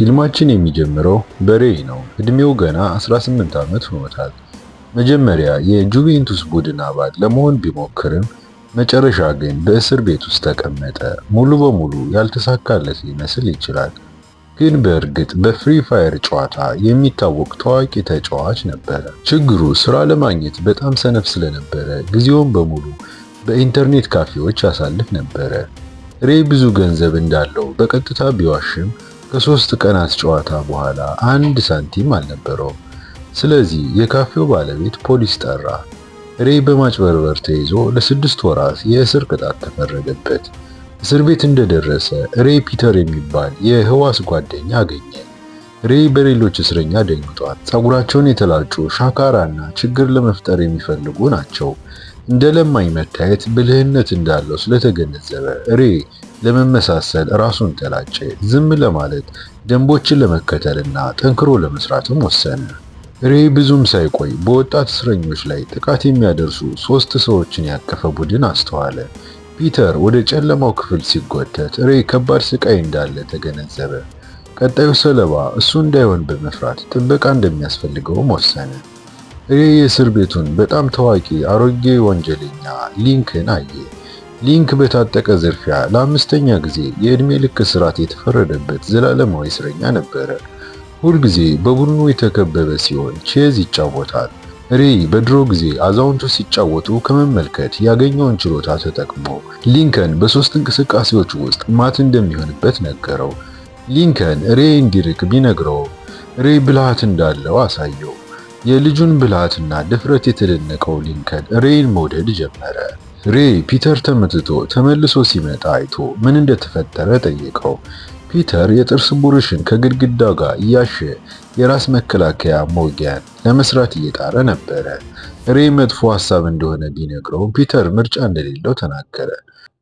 ፊልማችን የሚጀምረው በሬይ ነው። እድሜው ገና 18 ዓመት ሆኖታል። መጀመሪያ የጁቬንቱስ ቡድን አባል ለመሆን ቢሞክርም መጨረሻ ግን በእስር ቤት ውስጥ ተቀመጠ። ሙሉ በሙሉ ያልተሳካለት ሊመስል ይችላል፣ ግን በእርግጥ በፍሪ ፋየር ጨዋታ የሚታወቅ ታዋቂ ተጫዋች ነበረ። ችግሩ ስራ ለማግኘት በጣም ሰነፍ ስለነበረ ጊዜውን በሙሉ በኢንተርኔት ካፌዎች ያሳልፍ ነበረ። ሬይ ብዙ ገንዘብ እንዳለው በቀጥታ ቢዋሽም ከሶስት ቀናት ጨዋታ በኋላ አንድ ሳንቲም አልነበረውም። ስለዚህ የካፌው ባለቤት ፖሊስ ጠራ። ሬይ በማጭበርበር ተይዞ ለስድስት ወራት የእስር ቅጣት ተፈረደበት። እስር ቤት እንደደረሰ ሬይ ፒተር የሚባል የህዋስ ጓደኛ አገኘ። ሬይ በሌሎች እስረኛ ደንግጧል። ጸጉራቸውን የተላጩ ሻካራና ችግር ለመፍጠር የሚፈልጉ ናቸው። እንደ ለማኝ መታየት ብልህነት እንዳለው ስለተገነዘበ ሬ ለመመሳሰል ራሱን ተላጨ። ዝም ለማለት ደንቦችን ለመከተልና ጠንክሮ ለመስራትም ወሰነ። ሬ ብዙም ሳይቆይ በወጣት እስረኞች ላይ ጥቃት የሚያደርሱ ሶስት ሰዎችን ያቀፈ ቡድን አስተዋለ። ፒተር ወደ ጨለማው ክፍል ሲጎተት ሬ ከባድ ስቃይ እንዳለ ተገነዘበ። ቀጣዩ ሰለባ እሱ እንዳይሆን በመፍራት ጥበቃ እንደሚያስፈልገውም ወሰነ። ይህ የእስር ቤቱን በጣም ታዋቂ አሮጌ ወንጀለኛ ሊንክን አየ። ሊንክ በታጠቀ ዝርፊያ ለአምስተኛ ጊዜ የእድሜ ልክ እስራት የተፈረደበት ዘላለማዊ እስረኛ ነበረ። ሁልጊዜ በቡድኑ የተከበበ ሲሆን ቼዝ ይጫወታል። ሬይ በድሮ ጊዜ አዛውንቱ ሲጫወቱ ከመመልከት ያገኘውን ችሎታ ተጠቅሞ ሊንከን በሶስት እንቅስቃሴዎች ውስጥ ማት እንደሚሆንበት ነገረው። ሊንከን ሬይ እንዲርቅ ቢነግረው ሬይ ብልሃት እንዳለው አሳየው። የልጁን ብልሃትና ድፍረት የተደነቀው ሊንከን ሬይን መውደድ ጀመረ። ሬይ ፒተር ተመትቶ ተመልሶ ሲመጣ አይቶ ምን እንደተፈጠረ ጠየቀው። ፒተር የጥርስ ብሩሽን ከግድግዳው ጋር እያሸ የራስ መከላከያ ሞጊያን ለመስራት እየጣረ ነበረ። ሬይ መጥፎ ሀሳብ እንደሆነ ቢነግረውም ፒተር ምርጫ እንደሌለው ተናገረ።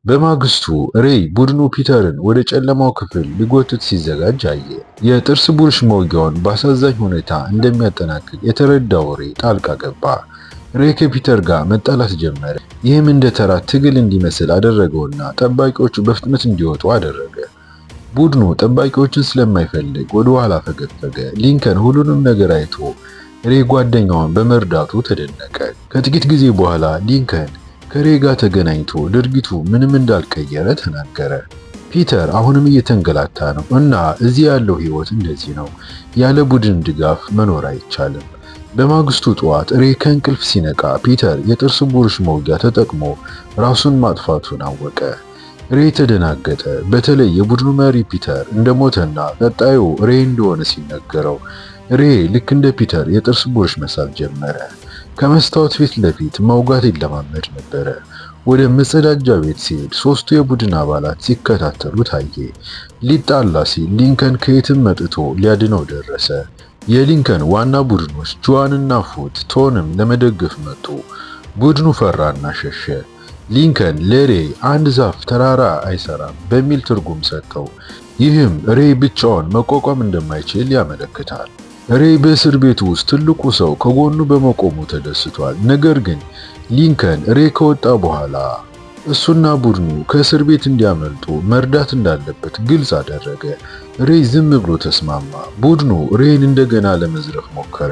በማግስቱ ሬይ ቡድኑ ፒተርን ወደ ጨለማው ክፍል ሊጎትት ሲዘጋጅ አየ። የጥርስ ቡርሽ መውጊያውን በአሳዛኝ ሁኔታ እንደሚያጠናቅቅ የተረዳው ሬይ ጣልቃ ገባ። ሬይ ከፒተር ጋር መጣላት ጀመረ። ይህም እንደ ተራ ትግል እንዲመስል አደረገውና ጠባቂዎቹ በፍጥነት እንዲወጡ አደረገ። ቡድኑ ጠባቂዎችን ስለማይፈልግ ወደ ኋላ ፈገፈገ። ሊንከን ሁሉንም ነገር አይቶ ሬይ ጓደኛውን በመርዳቱ ተደነቀ። ከጥቂት ጊዜ በኋላ ሊንከን ከሬ ጋር ተገናኝቶ ድርጊቱ ምንም እንዳልቀየረ ተናገረ። ፒተር አሁንም እየተንገላታ ነው እና እዚህ ያለው ህይወት እንደዚህ ነው። ያለ ቡድን ድጋፍ መኖር አይቻልም። በማግስቱ ጠዋት ሬ ከእንቅልፍ ሲነቃ ፒተር የጥርስ ብሩሽ መውጊያ ተጠቅሞ ራሱን ማጥፋቱን አወቀ። ሬ ተደናገጠ። በተለይ የቡድኑ መሪ ፒተር እንደሞተና ቀጣዩ ሬ እንደሆነ ሲነገረው ሬ ልክ እንደ ፒተር የጥርስ ብሩሽ መሳብ ጀመረ። ከመስታወት ፊት ለፊት መውጋት ይለማመድ ነበረ። ወደ መጸዳጃ ቤት ሲሄድ ሶስቱ የቡድን አባላት ሲከታተሉ ታየ። ሊጣላ ሲል ሊንከን ከየትም መጥቶ ሊያድነው ደረሰ። የሊንከን ዋና ቡድኖች ጆዋንና ፉት ቶንም ለመደገፍ መጡ። ቡድኑ ፈራና ሸሸ። ሊንከን ለሬ አንድ ዛፍ ተራራ አይሰራም በሚል ትርጉም ሰጠው። ይህም ሬ ብቻውን መቋቋም እንደማይችል ያመለክታል። ሬይ በእስር ቤት ውስጥ ትልቁ ሰው ከጎኑ በመቆሙ ተደስቷል። ነገር ግን ሊንከን ሬይ ከወጣ በኋላ እሱና ቡድኑ ከእስር ቤት እንዲያመልጡ መርዳት እንዳለበት ግልጽ አደረገ። ሬይ ዝም ብሎ ተስማማ። ቡድኑ ሬይን እንደገና ለመዝረፍ ሞከረ፣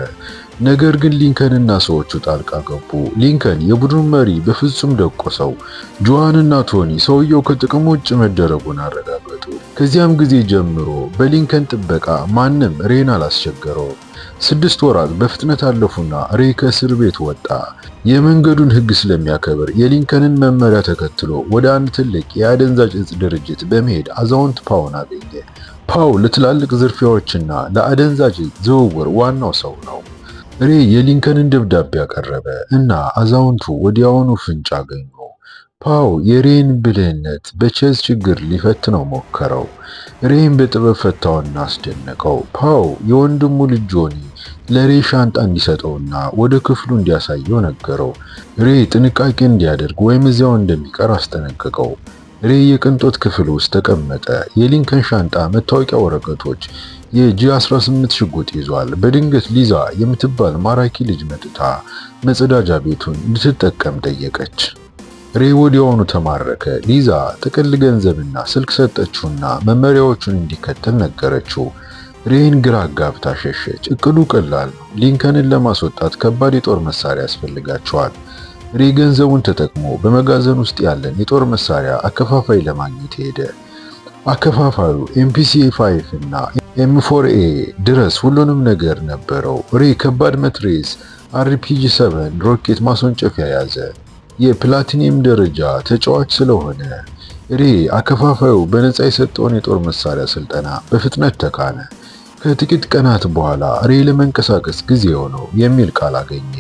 ነገር ግን ሊንከንና ሰዎቹ ጣልቃ ገቡ። ሊንከን የቡድኑ መሪ በፍጹም ደቆሰው። ጆሃንና ቶኒ ሰውየው ከጥቅም ውጭ መደረጉን አረጋገጡ። ከዚያም ጊዜ ጀምሮ በሊንከን ጥበቃ ማንም ሬን አላስቸገረው። ስድስት ወራት በፍጥነት አለፉና ሬ ከእስር ቤት ወጣ። የመንገዱን ሕግ ስለሚያከብር የሊንከንን መመሪያ ተከትሎ ወደ አንድ ትልቅ የአደንዛዥ እጽ ድርጅት በመሄድ አዛውንት ፓውን አገኘ። ፓው ለትላልቅ ዝርፊያዎችና ለአደንዛዥ ዝውውር ዋናው ሰው ነው። ሬ የሊንከንን ደብዳቤ አቀረበ እና አዛውንቱ ወዲያውኑ ፍንጭ አገኙ። ፓው የሬን ብልህነት በቼዝ ችግር ሊፈትነው ሞከረው። ሬን በጥበብ ፈታውና አስደነቀው። ፓው የወንድሙ ልጅ ጆኒ ለሬ ሻንጣ እንዲሰጠውና ወደ ክፍሉ እንዲያሳየው ነገረው። ሬ ጥንቃቄ እንዲያደርግ ወይም እዚያው እንደሚቀር አስጠነቀቀው። ሬ የቅንጦት ክፍል ውስጥ ተቀመጠ። የሊንከን ሻንጣ መታወቂያ ወረቀቶች፣ የጂ18 ሽጉጥ ይዟል። በድንገት ሊዛ የምትባል ማራኪ ልጅ መጥታ መጸዳጃ ቤቱን እንድትጠቀም ጠየቀች። ሬ የሆኑ ተማረከ። ሊዛ ጥቅል ገንዘብና ስልክ ሰጠችውና መመሪያዎቹን እንዲከተል ነገረችው። ሬን ግራ አጋብታ ሸሸች። እቅዱ ቀላል ነው። ሊንከንን ለማስወጣት ከባድ የጦር መሳሪያ ያስፈልጋቸዋል። ሬ ገንዘቡን ተጠቅሞ በመጋዘን ውስጥ ያለን የጦር መሳሪያ አከፋፋይ ለማግኘት ሄደ። አከፋፋዩ ኤምፒሲ 5 እና ኤም4ኤ ድረስ ሁሉንም ነገር ነበረው። ሬ ከባድ መትሬስ፣ አርፒጂ 7 ሮኬት ማስወንጨፊያ ያዘ። የፕላቲኒየም ደረጃ ተጫዋች ስለሆነ ሬ አከፋፋዩ በነፃ የሰጠውን የጦር መሳሪያ ስልጠና በፍጥነት ተካነ። ከጥቂት ቀናት በኋላ ሬ ለመንቀሳቀስ ጊዜው ነው የሚል ቃል አገኘ።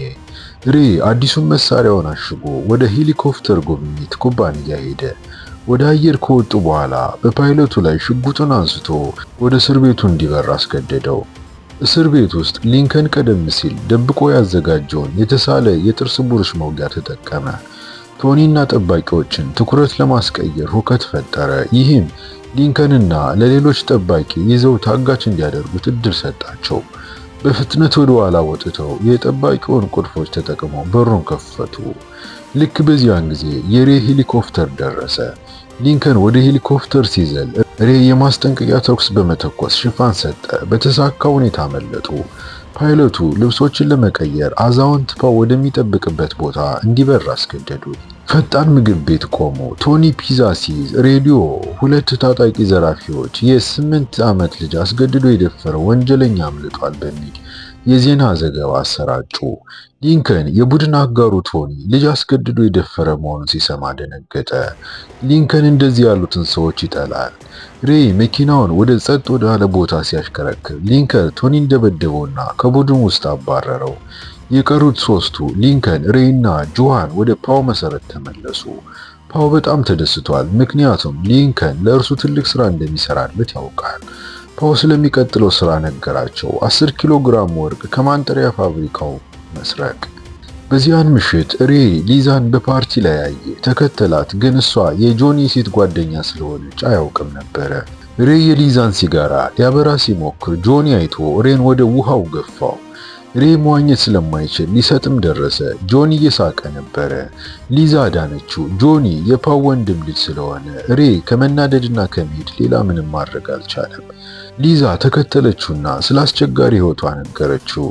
ሬ አዲሱን መሳሪያውን አሽጎ ወደ ሄሊኮፕተር ጉብኝት ኩባንያ ሄደ። ወደ አየር ከወጡ በኋላ በፓይለቱ ላይ ሽጉጡን አንስቶ ወደ እስር ቤቱ እንዲበር አስገደደው። እስር ቤት ውስጥ ሊንከን ቀደም ሲል ደብቆ ያዘጋጀውን የተሳለ የጥርስ ብሩሽ መውጊያ ተጠቀመ። ቶኒና ጠባቂዎችን ትኩረት ለማስቀየር ሁከት ፈጠረ። ይህም ሊንከንና ለሌሎች ጠባቂ ይዘው ታጋች እንዲያደርጉት እድል ሰጣቸው። በፍጥነት ወደ ኋላ ወጥተው የጠባቂውን ቁልፎች ተጠቅመው በሩን ከፈቱ። ልክ በዚያን ጊዜ የሬ ሄሊኮፕተር ደረሰ። ሊንከን ወደ ሄሊኮፕተር ሲዘል እኔ የማስጠንቀቂያ ተኩስ በመተኮስ ሽፋን ሰጠ። በተሳካ ሁኔታ መለጡ። ፓይለቱ ልብሶችን ለመቀየር አዛውንት ፓው ወደሚጠብቅበት ቦታ እንዲበር አስገደዱ ፈጣን ምግብ ቤት ቆሙ። ቶኒ ፒዛ ሲይዝ ሬዲዮ ሁለት ታጣቂ ዘራፊዎች የስምንት ዓመት ልጅ አስገድዶ የደፈረው ወንጀለኛ አምልጧል በሚል የዜና ዘገባ አሰራጩ። ሊንከን የቡድን አጋሩ ቶኒ ልጅ አስገድዶ የደፈረ መሆኑን ሲሰማ ደነገጠ። ሊንከን እንደዚህ ያሉትን ሰዎች ይጠላል። ሬይ መኪናውን ወደ ጸጥ ወዳለ ቦታ ሲያሽከረክር ሊንከን ቶኒን ደበደበውና ከቡድን ውስጥ አባረረው። የቀሩት ሶስቱ ሊንከን፣ ሬይና ጆሃን ወደ ፓው መሰረት ተመለሱ። ፓው በጣም ተደስቷል። ምክንያቱም ሊንከን ለእርሱ ትልቅ ስራ እንደሚሰራለት ያውቃል። ፖ ስለሚቀጥለው ስራ ነገራቸው። 10 ኪሎ ግራም ወርቅ ከማንጠሪያ ፋብሪካው መስረቅ። በዚያን ምሽት ሬ ሊዛን በፓርቲ ላይ አየ፣ ተከተላት። ግን እሷ የጆኒ ሴት ጓደኛ ስለሆነች አያውቅም ነበረ። ሬ የሊዛን ሲጋራ ሊያበራ ሲሞክር ጆኒ አይቶ ሬን ወደ ውሃው ገፋው። ሬ መዋኘት ስለማይችል ሊሰጥም ደረሰ። ጆኒ እየሳቀ ነበረ። ሊዛ አዳነችው። ጆኒ የፓው ወንድም ልጅ ስለሆነ ሬ ከመናደድና ከመሄድ ሌላ ምንም ማድረግ አልቻለም። ሊዛ ተከተለችውና ስለ አስቸጋሪ ህይወቷ ነገረችው።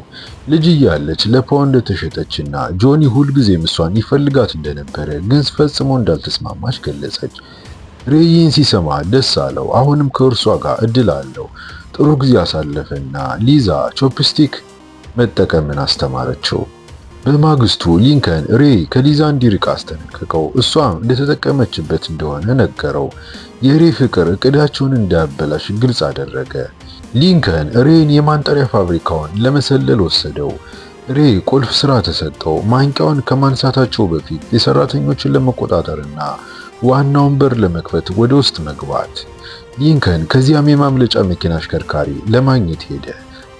ልጅ እያለች ለፓው እንደተሸጠችና ጆኒ ሁልጊዜም ምሷን ይፈልጋት እንደነበረ ግን ፈጽሞ እንዳልተስማማች ገለጸች። ሬ ይህን ሲሰማ ደስ አለው። አሁንም ከእርሷ ጋር እድል አለው። ጥሩ ጊዜ አሳለፈና ሊዛ ቾፕስቲክ መጠቀምን አስተማረችው። በማግስቱ ሊንከን ሬይ ከሊዛ እንዲርቅ አስጠነቅቀው እሷም እንደተጠቀመችበት እንደሆነ ነገረው። የሬ ፍቅር እቅዳቸውን እንዳያበላሽ ግልጽ አደረገ። ሊንከን ሬይን የማንጠሪያ ፋብሪካውን ለመሰለል ወሰደው። ሬ ቁልፍ ስራ ተሰጠው። ማንቂያውን ከማንሳታቸው በፊት የሰራተኞችን ለመቆጣጠርና ዋናውን በር ለመክፈት ወደ ውስጥ መግባት። ሊንከን ከዚያም የማምለጫ መኪና አሽከርካሪ ለማግኘት ሄደ።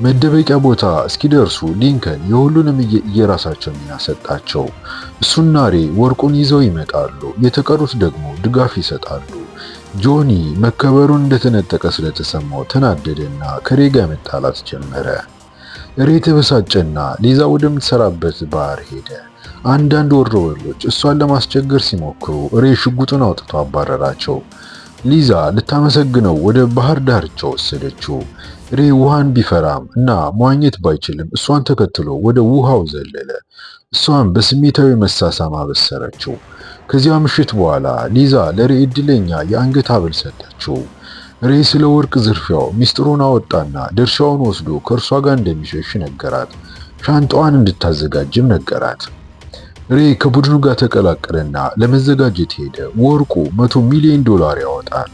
መደበቂያ ቦታ እስኪደርሱ ሊንከን የሁሉንም የራሳቸው ሚና ሰጣቸው። እሱና ሬ ወርቁን ይዘው ይመጣሉ፣ የተቀሩት ደግሞ ድጋፍ ይሰጣሉ። ጆኒ መከበሩን እንደተነጠቀ ስለተሰማው ተናደደና ከሬ ጋር መጣላት ጀመረ። ሬ ተበሳጨና ሊዛ ወደምትሰራበት ባር ሄደ። አንዳንድ ወሮበሎች እሷን ለማስቸገር ሲሞክሩ ሬ ሽጉጡን አውጥቶ አባረራቸው። ሊዛ ልታመሰግነው ወደ ባህር ዳርቻ ወሰደችው። ሬ ውሃን ቢፈራም እና መዋኘት ባይችልም እሷን ተከትሎ ወደ ውሃው ዘለለ። እሷን በስሜታዊ መሳሳም አበሰረችው። ከዚያ ምሽት በኋላ ሊዛ ለሬ እድለኛ የአንገት ሀብል ሰጠችው። ሬ ስለ ወርቅ ዝርፊያው ሚስጥሩን አወጣና ድርሻውን ወስዶ ከእርሷ ጋር እንደሚሸሽ ነገራት። ሻንጣዋን እንድታዘጋጅም ነገራት። ሬ ከቡድኑ ጋር ተቀላቀለና ለመዘጋጀት ሄደ። ወርቁ 100 ሚሊዮን ዶላር ያወጣል።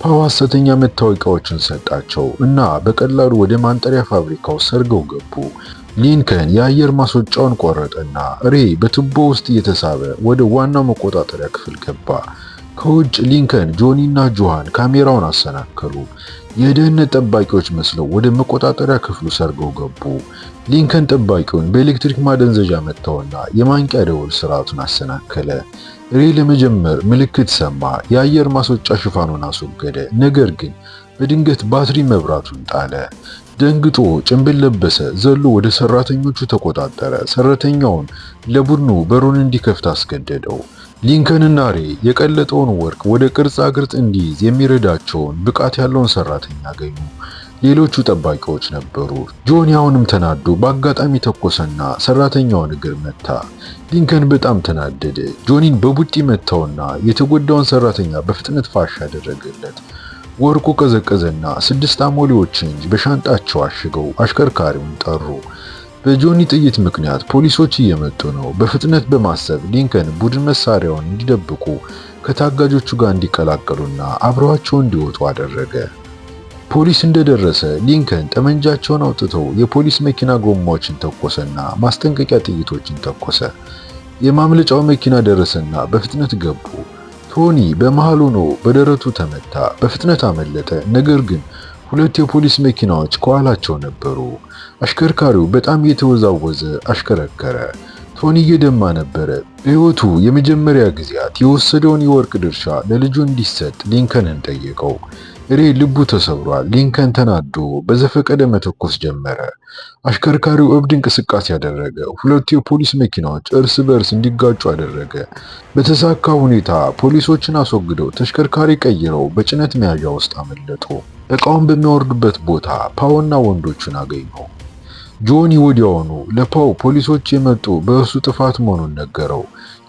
ፓው ሐሰተኛ መታወቂያዎችን ሰጣቸው እና በቀላሉ ወደ ማንጠሪያ ፋብሪካው ሰርገው ገቡ። ሊንከን የአየር ማስወጫውን ቆረጠና ሬ በቱቦ ውስጥ እየተሳበ ወደ ዋናው መቆጣጠሪያ ክፍል ገባ። ከውጭ ሊንከን፣ ጆኒ እና ጆሃን ካሜራውን አሰናከሉ። የደህንነት ጠባቂዎች መስለው ወደ መቆጣጠሪያ ክፍሉ ሰርገው ገቡ። ሊንከን ጠባቂውን በኤሌክትሪክ ማደንዘዣ መታውና የማንቂያ ደወል ስርዓቱን አሰናከለ። ሬ ለመጀመር ምልክት ሰማ። የአየር ማስወጫ ሽፋኑን አስወገደ። ነገር ግን በድንገት ባትሪ መብራቱን ጣለ። ደንግጦ ጭንብል ለበሰ። ዘሎ ወደ ሰራተኞቹ ተቆጣጠረ። ሰራተኛውን ለቡድኑ በሩን እንዲከፍት አስገደደው። ሊንከንና ሬ የቀለጠውን ወርቅ ወደ ቅርጻ ቅርጽ እንዲይዝ የሚረዳቸውን ብቃት ያለውን ሰራተኛ አገኙ። ሌሎቹ ጠባቂዎች ነበሩ። ጆኒ አሁንም ተናዶ በአጋጣሚ ተኮሰና ሰራተኛውን እግር መታ። ሊንከን በጣም ተናደደ። ጆኒን በቡጢ መታውና የተጎዳውን ሰራተኛ በፍጥነት ፋሽ አደረገለት። ወርቁ ቀዘቀዘና ስድስት አሞሌዎችን በሻንጣቸው አሽገው አሽከርካሪውን ጠሩ። በጆኒ ጥይት ምክንያት ፖሊሶች እየመጡ ነው። በፍጥነት በማሰብ ሊንከን ቡድን መሳሪያውን እንዲደብቁ ከታጋጆቹ ጋር እንዲቀላቀሉና አብረዋቸው እንዲወጡ አደረገ። ፖሊስ እንደደረሰ ሊንከን ጠመንጃቸውን አውጥተው የፖሊስ መኪና ጎማዎችን ተኮሰና ማስጠንቀቂያ ጥይቶችን ተኮሰ። የማምለጫው መኪና ደረሰና በፍጥነት ገቡ። ቶኒ በመሃል ሆኖ በደረቱ ተመታ። በፍጥነት አመለጠ። ነገር ግን ሁለት የፖሊስ መኪናዎች ከኋላቸው ነበሩ። አሽከርካሪው በጣም እየተወዛወዘ አሽከረከረ። ቶኒ እየደማ ነበረ። በሕይወቱ የመጀመሪያ ጊዜያት የወሰደውን የወርቅ ድርሻ ለልጁ እንዲሰጥ ሊንከንን ጠየቀው። ሬ ልቡ ተሰብሯል። ሊንከን ተናዶ በዘፈቀደ መተኮስ ጀመረ። አሽከርካሪው እብድ እንቅስቃሴ ያደረገ፣ ሁለቱ የፖሊስ መኪናዎች እርስ በርስ እንዲጋጩ አደረገ። በተሳካ ሁኔታ ፖሊሶችን አስወግደው ተሽከርካሪ ቀይረው በጭነት መያዣ ውስጥ አመለጡ። እቃውን በሚያወርዱበት ቦታ ፓውና ወንዶቹን አገኙ። ጆኒ ወዲያውኑ ለፓው ፖሊሶች የመጡ በእርሱ ጥፋት መሆኑን ነገረው።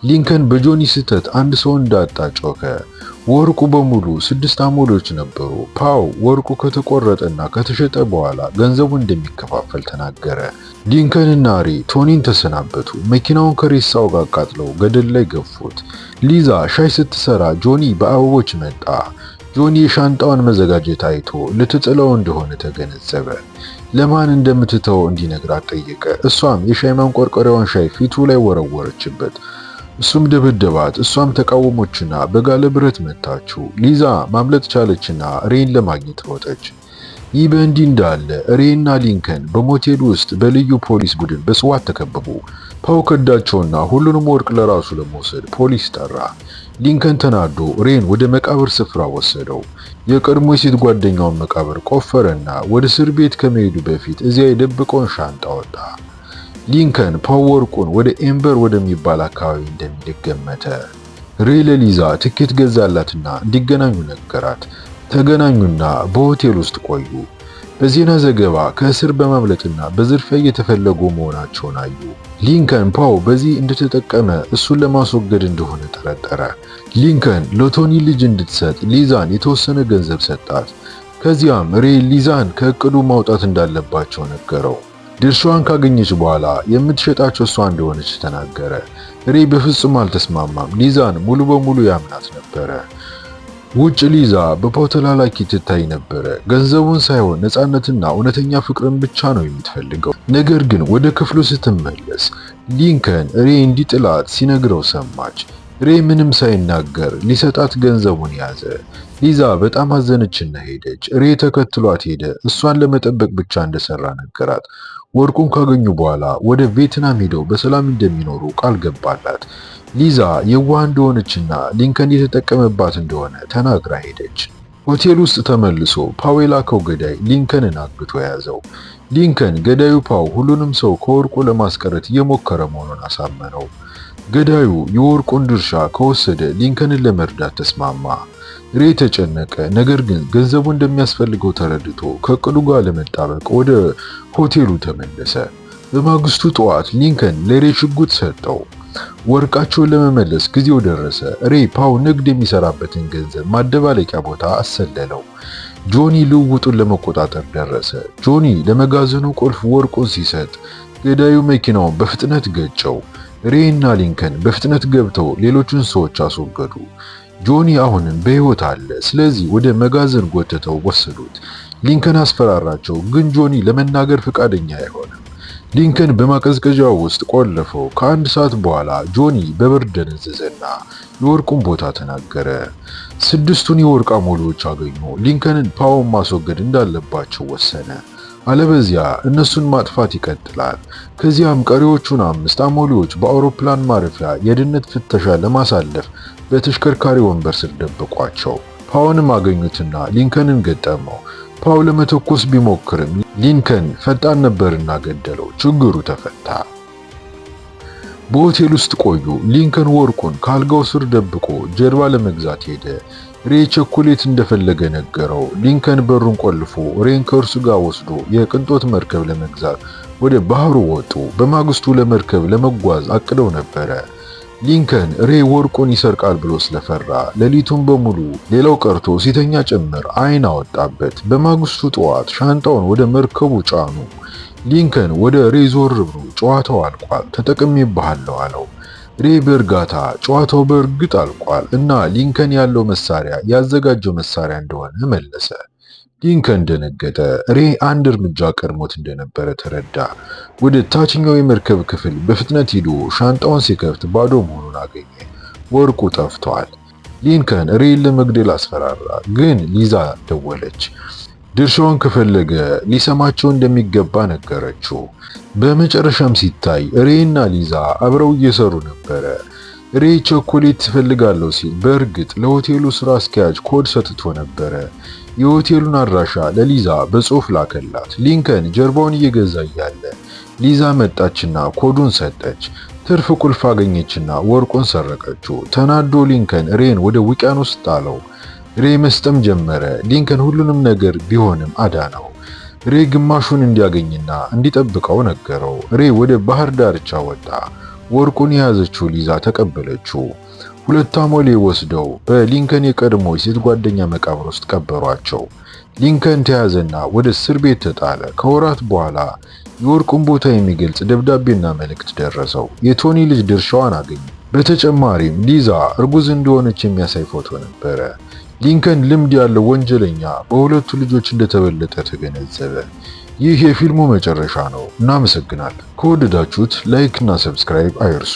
ሊንከን በጆኒ ስህተት አንድ ሰው እንዳጣ ጮኸ። ወርቁ በሙሉ ስድስት አሞሌዎች ነበሩ። ፓው ወርቁ ከተቆረጠና ከተሸጠ በኋላ ገንዘቡ እንደሚከፋፈል ተናገረ። እና ሪ ቶኒን ተሰናበቱ። መኪናውን ከሬሳው ጋር አቃጥለው ገደል ላይ ገፉት። ሊዛ ሻይ ስትሰራ ጆኒ በአበቦች መጣ። ጆኒ የሻንጣውን መዘጋጀት አይቶ ልትጥለው እንደሆነ ተገነዘበ። ለማን እንደምትተው እንዲነግራት ጠየቀ። እሷም የሻይ ማንቆርቆሪያውን ሻይ ፊቱ ላይ ወረወረችበት። እሱም ደበደባት። እሷም ተቃወሞችና በጋለ ብረት መታችው። ሊዛ ማምለጥ ቻለችና ሬን ለማግኘት ሮጠች። ይህ በእንዲህ እንዳለ ሬና ሊንከን በሞቴል ውስጥ በልዩ ፖሊስ ቡድን በስዋት ተከበቡ። ፓው ከዳቸውና ሁሉንም ወርቅ ለራሱ ለመውሰድ ፖሊስ ጠራ። ሊንከን ተናዶ ሬን ወደ መቃብር ስፍራ ወሰደው። የቀድሞ የሴት ጓደኛውን መቃብር ቆፈረና ወደ እስር ቤት ከመሄዱ በፊት እዚያ የደብቀውን ሻንጣ ወጣ። ሊንከን ፓወርቁን ወደ ኤምበር ወደሚባል አካባቢ እንደሚልክ ገመተ። ለሊዛ ትኬት ገዛላትና እንዲገናኙ ነገራት። ተገናኙና በሆቴል ውስጥ ቆዩ። በዜና ዘገባ ከእስር በማምለጥና በዝርፊያ እየተፈለጉ መሆናቸውን አዩ። ሊንከን ፓው በዚህ እንደተጠቀመ እሱን ለማስወገድ እንደሆነ ጠረጠረ። ሊንከን ለቶኒ ልጅ እንድትሰጥ ሊዛን የተወሰነ ገንዘብ ሰጣት። ከዚያም ሬይ ሊዛን ከእቅዱ ማውጣት እንዳለባቸው ነገረው። ድርሻዋን ካገኘች በኋላ የምትሸጣቸው እሷ እንደሆነች ተናገረ። ሬ በፍጹም አልተስማማም። ሊዛን ሙሉ በሙሉ ያምናት ነበረ። ውጭ ሊዛ በፖተላላኪ ትታይ ነበረ። ገንዘቡን ሳይሆን ነፃነትና እውነተኛ ፍቅርን ብቻ ነው የምትፈልገው። ነገር ግን ወደ ክፍሉ ስትመለስ ሊንከን ሬ እንዲጥላት ሲነግረው ሰማች። ሬ ምንም ሳይናገር ሊሰጣት ገንዘቡን ያዘ። ሊዛ በጣም አዘነችና ሄደች። ሬ ተከትሏት ሄደ። እሷን ለመጠበቅ ብቻ እንደሰራ ነገራት። ወርቁን ካገኙ በኋላ ወደ ቬትናም ሄደው በሰላም እንደሚኖሩ ቃል ገባላት። ሊዛ የዋህ እንደሆነችና ሊንከን የተጠቀመባት እንደሆነ ተናግራ ሄደች። ሆቴል ውስጥ ተመልሶ ፓው የላከው ገዳይ ሊንከንን አግቶ ያዘው ሊንከን ገዳዩ ፓው ሁሉንም ሰው ከወርቁ ለማስቀረት እየሞከረ መሆኑን አሳመነው። ገዳዩ የወርቁን ድርሻ ከወሰደ ሊንከንን ለመርዳት ተስማማ። ሬ ተጨነቀ። ነገር ግን ገንዘቡ እንደሚያስፈልገው ተረድቶ ከቅዱ ጋር ለመጣበቅ ወደ ሆቴሉ ተመለሰ። በማግስቱ ጠዋት ሊንከን ለሬ ሽጉጥ ሰጠው። ወርቃቸውን ለመመለስ ጊዜው ደረሰ። ሬ ፓው ንግድ የሚሰራበትን ገንዘብ ማደባለቂያ ቦታ አሰለለው። ጆኒ ልውውጡን ለመቆጣጠር ደረሰ። ጆኒ ለመጋዘኑ ቁልፍ ወርቁን ሲሰጥ ገዳዩ መኪናውን በፍጥነት ገጨው። ሬ እና ሊንከን በፍጥነት ገብተው ሌሎቹን ሰዎች አስወገዱ። ጆኒ አሁንም በህይወት አለ። ስለዚህ ወደ መጋዘን ጎትተው ወሰዱት። ሊንከን አስፈራራቸው፣ ግን ጆኒ ለመናገር ፈቃደኛ አይሆንም። ሊንከን በማቀዝቀዣ ውስጥ ቆለፈው። ከአንድ ሰዓት በኋላ ጆኒ በብር ደነዘዘና የወርቁን ቦታ ተናገረ። ስድስቱን የወርቅ አሞሌዎች አገኙ። ሊንከንን ፓውን ማስወገድ እንዳለባቸው ወሰነ። አለበዚያ እነሱን ማጥፋት ይቀጥላል። ከዚያም ቀሪዎቹን አምስት አሞሌዎች በአውሮፕላን ማረፊያ የድነት ፍተሻ ለማሳለፍ በተሽከርካሪ ወንበር ስር ደብቋቸው ፓውንም አገኙትና ሊንከንን ገጠመው። ፓው ለመተኮስ ቢሞክርም ሊንከን ፈጣን ነበርና ገደለው። ችግሩ ተፈታ። በሆቴል ውስጥ ቆዩ። ሊንከን ወርቁን ከአልጋው ስር ደብቆ ጀርባ ለመግዛት ሄደ። ሬ ቸኮሌት እንደፈለገ ነገረው። ሊንከን በሩን ቆልፎ ሬን ከእርሱ ጋር ወስዶ የቅንጦት መርከብ ለመግዛት ወደ ባህሩ ወጡ። በማግስቱ ለመርከብ ለመጓዝ አቅደው ነበረ። ሊንከን ሬ ወርቁን ይሰርቃል ብሎ ስለፈራ ሌሊቱን በሙሉ ሌላው ቀርቶ ሲተኛ ጭምር አይን አወጣበት። በማግስቱ ጠዋት ሻንጣውን ወደ መርከቡ ጫኑ። ሊንከን ወደ ሬ ዞር ብሎ ጨዋታው አልቋል፣ ተጠቅሜብሃለሁ አለው። ሬ በእርጋታ ጨዋታው በእርግጥ አልቋል እና ሊንከን ያለው መሳሪያ ያዘጋጀው መሳሪያ እንደሆነ መለሰ። ሊንከን ደነገጠ። ሬ አንድ እርምጃ ቀድሞት እንደነበረ ተረዳ። ወደ ታችኛው የመርከብ ክፍል በፍጥነት ሂዶ ሻንጣውን ሲከፍት ባዶ መሆኑን አገኘ። ወርቁ ጠፍቷል። ሊንከን ሬን ለመግደል አስፈራራ፣ ግን ሊዛ ደወለች። ድርሻውን ከፈለገ ሊሰማቸው እንደሚገባ ነገረችው። በመጨረሻም ሲታይ ሬና ሊዛ አብረው እየሰሩ ነበረ። ሬ ቸኮሌት ትፈልጋለሁ ሲል በእርግጥ ለሆቴሉ ስራ አስኪያጅ ኮድ ሰጥቶ ነበረ። የሆቴሉን አድራሻ ለሊዛ በጽሁፍ ላከላት። ሊንከን ጀርባውን እየገዛ እያለ ሊዛ መጣችና ኮዱን ሰጠች። ትርፍ ቁልፍ አገኘችና ወርቁን ሰረቀችው። ተናዶ ሊንከን ሬን ወደ ውቅያኖስ ጣለው። ሬ መስጠም ጀመረ። ሊንከን ሁሉንም ነገር ቢሆንም አዳነው። ሬ ግማሹን እንዲያገኝና እንዲጠብቀው ነገረው። ሬ ወደ ባህር ዳርቻ ወጣ። ወርቁን የያዘችው ሊዛ ተቀበለችው። ሁለት አሞሌ ወስደው በሊንከን የቀድሞ የሴት ጓደኛ መቃብር ውስጥ ቀበሯቸው። ሊንከን ተያዘና ወደ እስር ቤት ተጣለ። ከወራት በኋላ የወርቁን ቦታ የሚገልጽ ደብዳቤና መልእክት ደረሰው። የቶኒ ልጅ ድርሻዋን አገኘ። በተጨማሪም ሊዛ እርጉዝ እንደሆነች የሚያሳይ ፎቶ ነበረ። ሊንከን ልምድ ያለው ወንጀለኛ በሁለቱ ልጆች እንደተበለጠ ተገነዘበ። ይህ የፊልሙ መጨረሻ ነው። እናመሰግናለን። ከወደዳችሁት ላይክ እና ሰብስክራይብ አይርሱ።